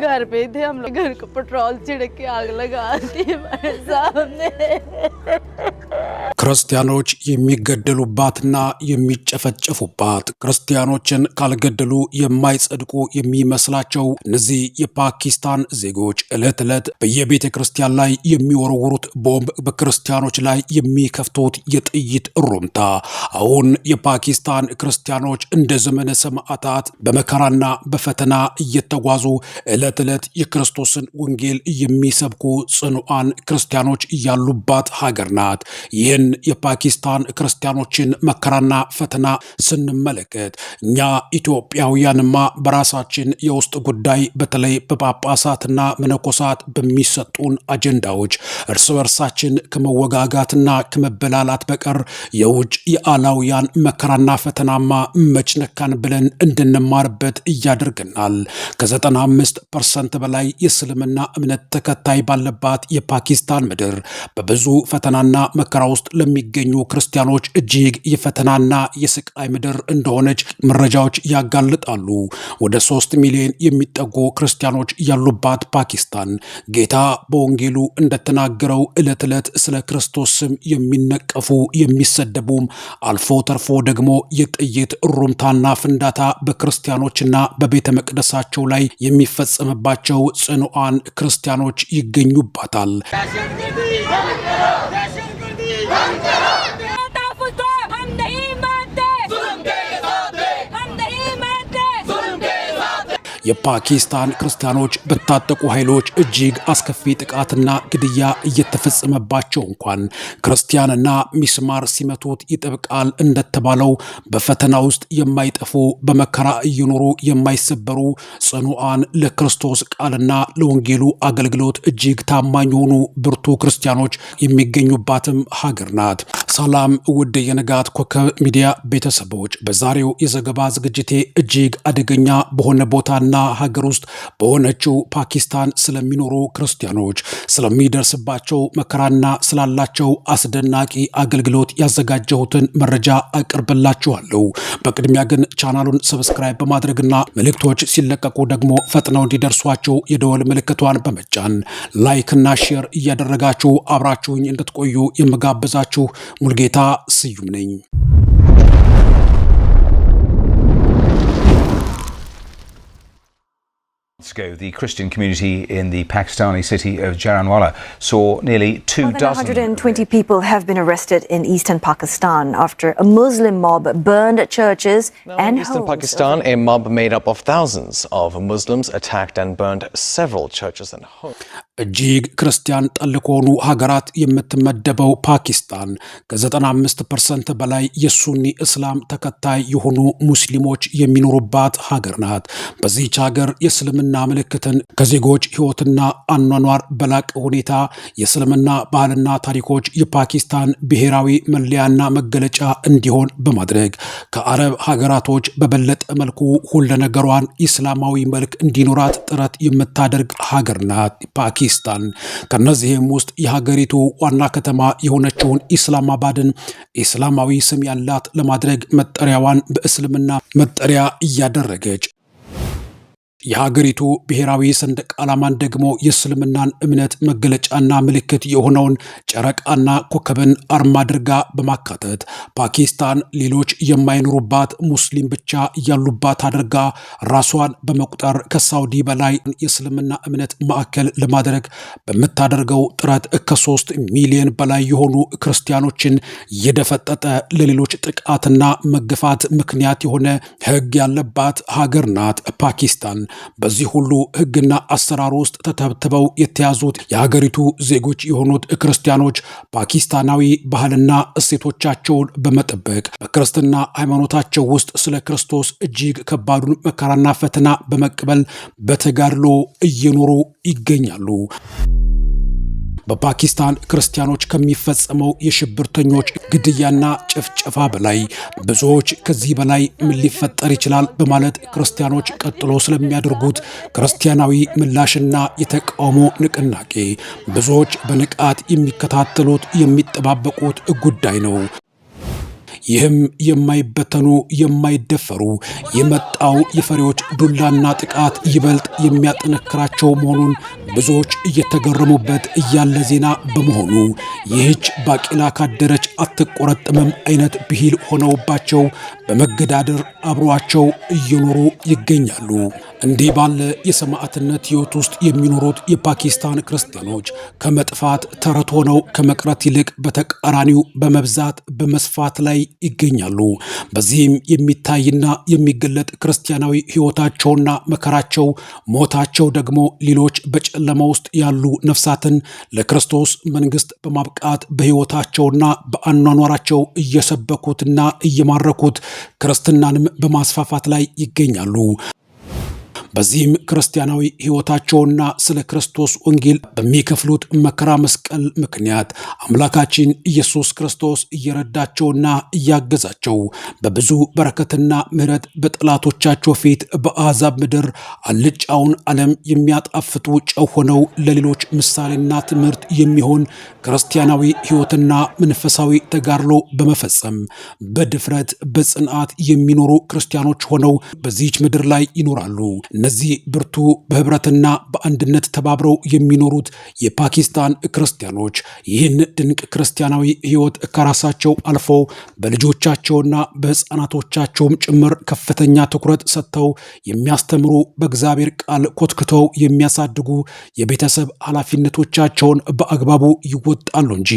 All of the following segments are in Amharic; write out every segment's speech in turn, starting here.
घर पे थे हम लोग घर को पेट्रोल छिड़क के आग लगा दी सामने ክርስቲያኖች የሚገደሉባትና የሚጨፈጨፉባት ክርስቲያኖችን ካልገደሉ የማይጸድቁ የሚመስላቸው እነዚህ የፓኪስታን ዜጎች ዕለት ዕለት በየቤተ ክርስቲያን ላይ የሚወረውሩት ቦምብ፣ በክርስቲያኖች ላይ የሚከፍቱት የጥይት ሩምታ አሁን የፓኪስታን ክርስቲያኖች እንደ ዘመነ ሰማዕታት በመከራና በፈተና እየተጓዙ ዕለት ዕለት የክርስቶስን ወንጌል የሚሰብኩ ጽኑዓን ክርስቲያኖች ያሉባት ሀገር ናት። ይህን የፓኪስታን ክርስቲያኖችን መከራና ፈተና ስንመለከት እኛ ኢትዮጵያውያንማ በራሳችን የውስጥ ጉዳይ በተለይ በጳጳሳትና መነኮሳት በሚሰጡን አጀንዳዎች እርስ በርሳችን ከመወጋጋትና ከመበላላት በቀር የውጭ የአላውያን መከራና ፈተናማ መችነካን ብለን እንድንማርበት እያደርግናል ከዘጠና ከአምስት ፐርሰንት በላይ የእስልምና እምነት ተከታይ ባለባት የፓኪስታን ምድር በብዙ ፈተናና መከራ ውስጥ ለሚገኙ ክርስቲያኖች እጅግ የፈተናና የስቃይ ምድር እንደሆነች መረጃዎች ያጋልጣሉ። ወደ ሶስት ሚሊዮን የሚጠጉ ክርስቲያኖች ያሉባት ፓኪስታን ጌታ በወንጌሉ እንደተናገረው ዕለት ዕለት ስለ ክርስቶስ ስም የሚነቀፉ የሚሰደቡም አልፎ ተርፎ ደግሞ የጥይት ሩምታና ፍንዳታ በክርስቲያኖችና በቤተ መቅደሳቸው ላይ የሚ የሚፈጸምባቸው ጽኑዓን ክርስቲያኖች ይገኙባታል። የፓኪስታን ክርስቲያኖች በታጠቁ ኃይሎች እጅግ አስከፊ ጥቃትና ግድያ እየተፈጸመባቸው እንኳን ክርስቲያንና ሚስማር ሲመቱት ይጠብቃል እንደተባለው በፈተና ውስጥ የማይጠፉ በመከራ እየኖሩ የማይሰበሩ ጽኑዓን ለክርስቶስ ቃልና ለወንጌሉ አገልግሎት እጅግ ታማኝ የሆኑ ብርቱ ክርስቲያኖች የሚገኙባትም ሀገር ናት። ሰላም ውድ የንጋት ኮከብ ሚዲያ ቤተሰቦች፣ በዛሬው የዘገባ ዝግጅቴ እጅግ አደገኛ በሆነ ቦታና እና ሀገር ውስጥ በሆነችው ፓኪስታን ስለሚኖሩ ክርስቲያኖች ስለሚደርስባቸው መከራና ስላላቸው አስደናቂ አገልግሎት ያዘጋጀሁትን መረጃ አቅርብላችኋለሁ። በቅድሚያ ግን ቻናሉን ሰብስክራይብ በማድረግና መልእክቶች ሲለቀቁ ደግሞ ፈጥነው እንዲደርሷቸው የደወል ምልክቷን በመጫን ላይክና ሼር እያደረጋችሁ አብራችሁኝ እንድትቆዩ የምጋብዛችሁ ሙልጌታ ስዩም ነኝ። ago, the Christian community in the Pakistani city of Jaranwala saw nearly two dozen. 120 people have been arrested in eastern Pakistan after a Muslim mob burned churches now, and in eastern homes Pakistan, a mob made up of thousands of Muslims attacked and burned several churches and homes. እጅግ ክርስቲያን ጠል ከሆኑ ሀገራት የምትመደበው ፓኪስታን ከ95 ፐርሰንት በላይ የሱኒ እስላም ተከታይ የሆኑ ሙስሊሞች የሚኖሩባት ሀገር ናት። በዚች ሀገር የእስልምና ምልክትን ከዜጎች ሕይወትና አኗኗር በላቀ ሁኔታ የእስልምና ባህልና ታሪኮች የፓኪስታን ብሔራዊ መለያና መገለጫ እንዲሆን በማድረግ ከአረብ ሀገራቶች በበለጠ መልኩ ሁለ ነገሯን ኢስላማዊ መልክ እንዲኖራት ጥረት የምታደርግ ሀገር ናት ፓኪስታን። ከነዚህም ውስጥ የሀገሪቱ ዋና ከተማ የሆነችውን ኢስላማባድን ኢስላማዊ ስም ያላት ለማድረግ መጠሪያዋን በእስልምና መጠሪያ እያደረገች የሀገሪቱ ብሔራዊ ሰንደቅ ዓላማን ደግሞ የእስልምናን እምነት መገለጫና ምልክት የሆነውን ጨረቃና ኮከብን አርማ አድርጋ በማካተት ፓኪስታን ሌሎች የማይኖሩባት ሙስሊም ብቻ ያሉባት አድርጋ ራሷን በመቁጠር ከሳውዲ በላይ የእስልምና እምነት ማዕከል ለማድረግ በምታደርገው ጥረት ከሶስት ሚሊዮን በላይ የሆኑ ክርስቲያኖችን የደፈጠጠ ለሌሎች ጥቃትና መገፋት ምክንያት የሆነ ሕግ ያለባት ሀገር ናት ፓኪስታን። በዚህ ሁሉ ህግና አሰራር ውስጥ ተተብትበው የተያዙት የሀገሪቱ ዜጎች የሆኑት ክርስቲያኖች ፓኪስታናዊ ባህልና እሴቶቻቸውን በመጠበቅ በክርስትና ሃይማኖታቸው ውስጥ ስለ ክርስቶስ እጅግ ከባዱን መከራና ፈተና በመቀበል በተጋድሎ እየኖሩ ይገኛሉ። በፓኪስታን ክርስቲያኖች ከሚፈጸመው የሽብርተኞች ግድያና ጭፍጨፋ በላይ ብዙዎች ከዚህ በላይ ምን ሊፈጠር ይችላል በማለት ክርስቲያኖች ቀጥሎ ስለሚያደርጉት ክርስቲያናዊ ምላሽና የተቃውሞ ንቅናቄ ብዙዎች በንቃት የሚከታተሉት የሚጠባበቁት ጉዳይ ነው። ይህም የማይበተኑ የማይደፈሩ የመጣው የፈሪዎች ዱላና ጥቃት ይበልጥ የሚያጠነክራቸው መሆኑን ብዙዎች እየተገረሙበት እያለ ዜና በመሆኑ ይህች ባቂላ ካደረች አትቆረጥምም አይነት ብሂል ሆነውባቸው በመገዳደር አብሯቸው እየኖሩ ይገኛሉ። እንዲህ ባለ የሰማዕትነት ሕይወት ውስጥ የሚኖሩት የፓኪስታን ክርስቲያኖች ከመጥፋት ተረት ሆነው ከመቅረት ይልቅ በተቃራኒው በመብዛት በመስፋት ላይ ይገኛሉ። በዚህም የሚታይና የሚገለጥ ክርስቲያናዊ ሕይወታቸውና መከራቸው፣ ሞታቸው ደግሞ ሌሎች በጨለማ ውስጥ ያሉ ነፍሳትን ለክርስቶስ መንግስት በማብቃት በሕይወታቸውና በአኗኗራቸው እየሰበኩትና እየማረኩት ክርስትናንም በማስፋፋት ላይ ይገኛሉ። በዚህም ክርስቲያናዊ ሕይወታቸውና ስለ ክርስቶስ ወንጌል በሚከፍሉት መከራ መስቀል ምክንያት አምላካችን ኢየሱስ ክርስቶስ እየረዳቸውና እያገዛቸው በብዙ በረከትና ምሕረት በጠላቶቻቸው ፊት በአሕዛብ ምድር አልጫውን ዓለም የሚያጣፍጡ ጨው ሆነው ለሌሎች ምሳሌና ትምህርት የሚሆን ክርስቲያናዊ ሕይወትና መንፈሳዊ ተጋድሎ በመፈጸም በድፍረት በጽንዓት የሚኖሩ ክርስቲያኖች ሆነው በዚህች ምድር ላይ ይኖራሉ። እነዚህ ብርቱ በህብረትና በአንድነት ተባብረው የሚኖሩት የፓኪስታን ክርስቲያኖች ይህን ድንቅ ክርስቲያናዊ ህይወት ከራሳቸው አልፈው በልጆቻቸውና በህፃናቶቻቸውም ጭምር ከፍተኛ ትኩረት ሰጥተው የሚያስተምሩ በእግዚአብሔር ቃል ኮትክተው የሚያሳድጉ የቤተሰብ ኃላፊነቶቻቸውን በአግባቡ ይወጣሉ እንጂ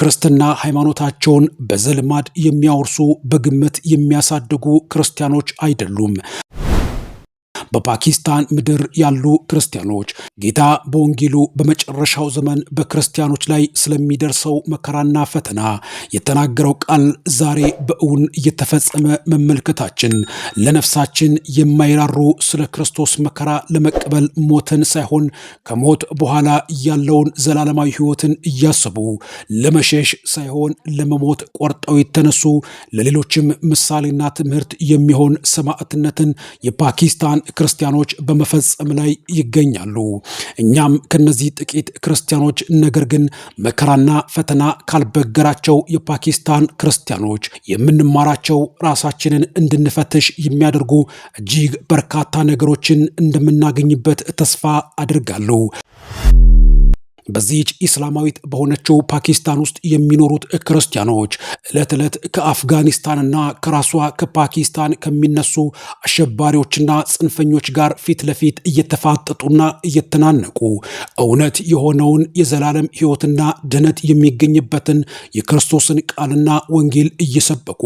ክርስትና ሃይማኖታቸውን በዘልማድ የሚያወርሱ በግምት የሚያሳድጉ ክርስቲያኖች አይደሉም። በፓኪስታን ምድር ያሉ ክርስቲያኖች ጌታ በወንጌሉ በመጨረሻው ዘመን በክርስቲያኖች ላይ ስለሚደርሰው መከራና ፈተና የተናገረው ቃል ዛሬ በእውን እየተፈጸመ መመልከታችን ለነፍሳችን የማይራሩ ስለ ክርስቶስ መከራ ለመቀበል ሞትን ሳይሆን ከሞት በኋላ ያለውን ዘላለማዊ ሕይወትን እያሰቡ ለመሸሽ ሳይሆን ለመሞት ቆርጠው የተነሱ ለሌሎችም ምሳሌና ትምህርት የሚሆን ሰማዕትነትን የፓኪስታን ክርስቲያኖች በመፈጸም ላይ ይገኛሉ። እኛም ከነዚህ ጥቂት ክርስቲያኖች ነገር ግን መከራና ፈተና ካልበገራቸው የፓኪስታን ክርስቲያኖች የምንማራቸው ራሳችንን እንድንፈትሽ የሚያደርጉ እጅግ በርካታ ነገሮችን እንደምናገኝበት ተስፋ አድርጋለሁ። በዚህች ኢስላማዊት በሆነችው ፓኪስታን ውስጥ የሚኖሩት ክርስቲያኖች ዕለት ዕለት ከአፍጋኒስታንና ከራሷ ከፓኪስታን ከሚነሱ አሸባሪዎችና ጽንፈኞች ጋር ፊት ለፊት እየተፋጠጡና እየተናነቁ እውነት የሆነውን የዘላለም ሕይወትና ድነት የሚገኝበትን የክርስቶስን ቃልና ወንጌል እየሰበኩ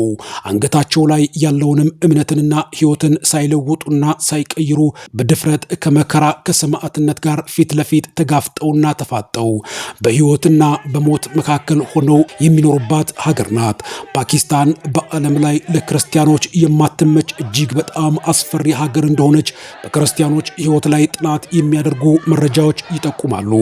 አንገታቸው ላይ ያለውንም እምነትንና ሕይወትን ሳይለውጡና ሳይቀይሩ በድፍረት ከመከራ ከሰማዕትነት ጋር ፊት ለፊት ተጋፍጠውና ተፋ የሚሰጣጠው በህይወትና በሞት መካከል ሆነው የሚኖሩባት ሀገር ናት። ፓኪስታን በዓለም ላይ ለክርስቲያኖች የማትመች እጅግ በጣም አስፈሪ ሀገር እንደሆነች በክርስቲያኖች ህይወት ላይ ጥናት የሚያደርጉ መረጃዎች ይጠቁማሉ።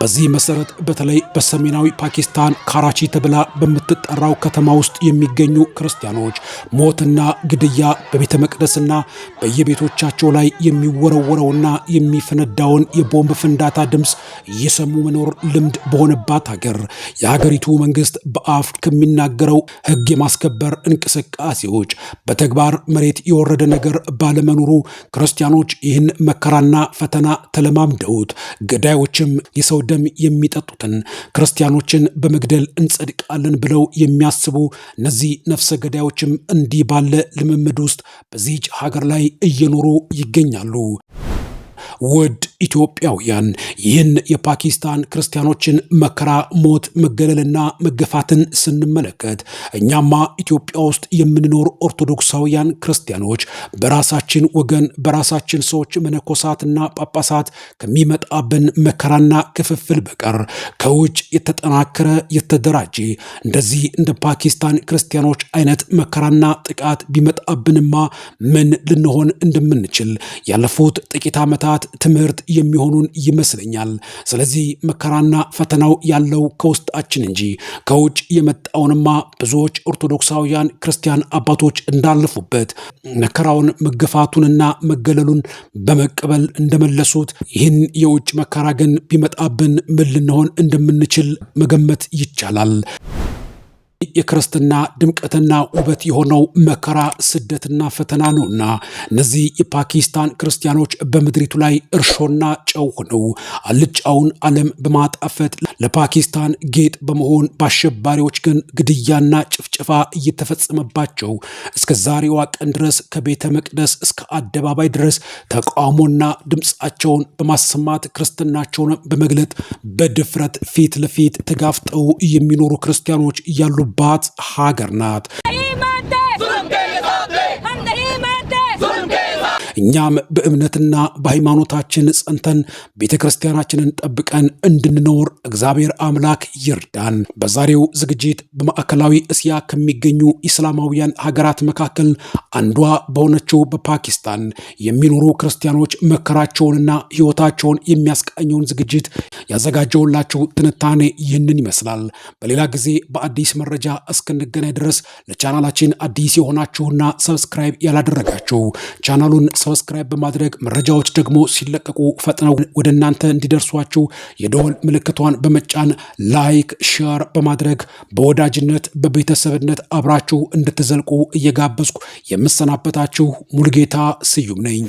በዚህ መሰረት በተለይ በሰሜናዊ ፓኪስታን ካራቺ ተብላ በምትጠራው ከተማ ውስጥ የሚገኙ ክርስቲያኖች ሞትና ግድያ በቤተ መቅደስና በየቤቶቻቸው ላይ የሚወረወረውና የሚፈነዳውን የቦምብ ፍንዳታ ድምፅ እየሰሙ የመኖር ልምድ በሆነባት ሀገር የሀገሪቱ መንግስት በአፍ ከሚናገረው ህግ የማስከበር እንቅስቃሴዎች በተግባር መሬት የወረደ ነገር ባለመኖሩ ክርስቲያኖች ይህን መከራና ፈተና ተለማምደውት ገዳዮችም የሰው ደም የሚጠጡትን ክርስቲያኖችን በመግደል እንጸድቃለን ብለው የሚያስቡ እነዚህ ነፍሰ ገዳዮችም እንዲህ ባለ ልምምድ ውስጥ በዚህች ሀገር ላይ እየኖሩ ይገኛሉ። ውድ ኢትዮጵያውያን ይህን የፓኪስታን ክርስቲያኖችን መከራ፣ ሞት፣ መገለልና መገፋትን ስንመለከት እኛማ ኢትዮጵያ ውስጥ የምንኖር ኦርቶዶክሳውያን ክርስቲያኖች በራሳችን ወገን በራሳችን ሰዎች መነኮሳትና ጳጳሳት ከሚመጣብን መከራና ክፍፍል በቀር ከውጭ የተጠናከረ የተደራጀ እንደዚህ እንደ ፓኪስታን ክርስቲያኖች አይነት መከራና ጥቃት ቢመጣብንማ ምን ልንሆን እንደምንችል ያለፉት ጥቂት ዓመታት ትምህርት የሚሆኑን ይመስለኛል። ስለዚህ መከራና ፈተናው ያለው ከውስጣችን እንጂ ከውጭ የመጣውንማ ብዙዎች ኦርቶዶክሳውያን ክርስቲያን አባቶች እንዳለፉበት መከራውን መገፋቱንና መገለሉን በመቀበል እንደመለሱት ይህን የውጭ መከራ ግን ቢመጣብን ምን ልንሆን እንደምንችል መገመት ይቻላል። የክርስትና ድምቀትና ውበት የሆነው መከራ ስደትና ፈተና ነውና እነዚህ የፓኪስታን ክርስቲያኖች በምድሪቱ ላይ እርሾና ጨው ሆነው አልጫውን ዓለም በማጣፈት ለፓኪስታን ጌጥ በመሆን በአሸባሪዎች ግን ግድያና ጭፍጨፋ እየተፈጸመባቸው እስከ ዛሬዋ ቀን ድረስ ከቤተ መቅደስ እስከ አደባባይ ድረስ ተቃውሞና ድምፃቸውን በማሰማት ክርስትናቸውን በመግለጥ በድፍረት ፊት ለፊት ተጋፍጠው የሚኖሩ ክርስቲያኖች እያሉ ያለባት ሀገር ናት። እኛም በእምነትና በሃይማኖታችን ጸንተን ቤተ ክርስቲያናችንን ጠብቀን እንድንኖር እግዚአብሔር አምላክ ይርዳን። በዛሬው ዝግጅት በማዕከላዊ እስያ ከሚገኙ ኢስላማውያን ሀገራት መካከል አንዷ በሆነችው በፓኪስታን የሚኖሩ ክርስቲያኖች መከራቸውንና ሕይወታቸውን የሚያስቃኘውን ዝግጅት ያዘጋጀውላችሁ ትንታኔ ይህንን ይመስላል። በሌላ ጊዜ በአዲስ መረጃ እስክንገናኝ ድረስ ለቻናላችን አዲስ የሆናችሁና ሰብስክራይብ ያላደረጋችሁ ቻናሉን ሰብስክራይብ በማድረግ መረጃዎች ደግሞ ሲለቀቁ ፈጥነው ወደ እናንተ እንዲደርሷችሁ የደወል ምልክቷን በመጫን ላይክ፣ ሼር በማድረግ በወዳጅነት በቤተሰብነት አብራችሁ እንድትዘልቁ እየጋበዝኩ የምሰናበታችሁ ሙሉጌታ ስዩም ነኝ።